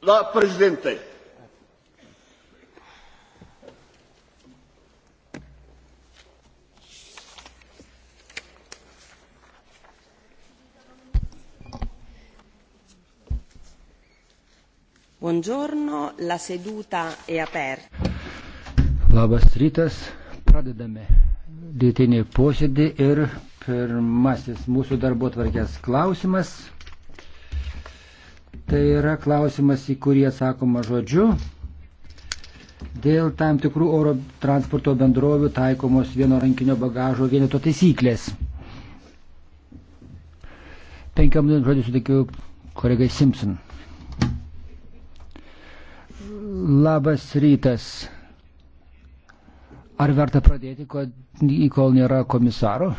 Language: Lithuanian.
La Presidente. Buongiorno, la seduta è aperta. Labas rytas, pradedame dėtinį posėdį ir pirmasis mūsų darbo tvarkės klausimas Tai yra klausimas, į kurį atsakoma žodžiu. Dėl tam tikrų oro transporto bendrovių taikomos vieno rankinio bagažo vieneto taisyklės. Penkiam minutėm žodį sutikiu kolegai Simpson. Labas rytas. Ar verta pradėti, kol nėra komisaro?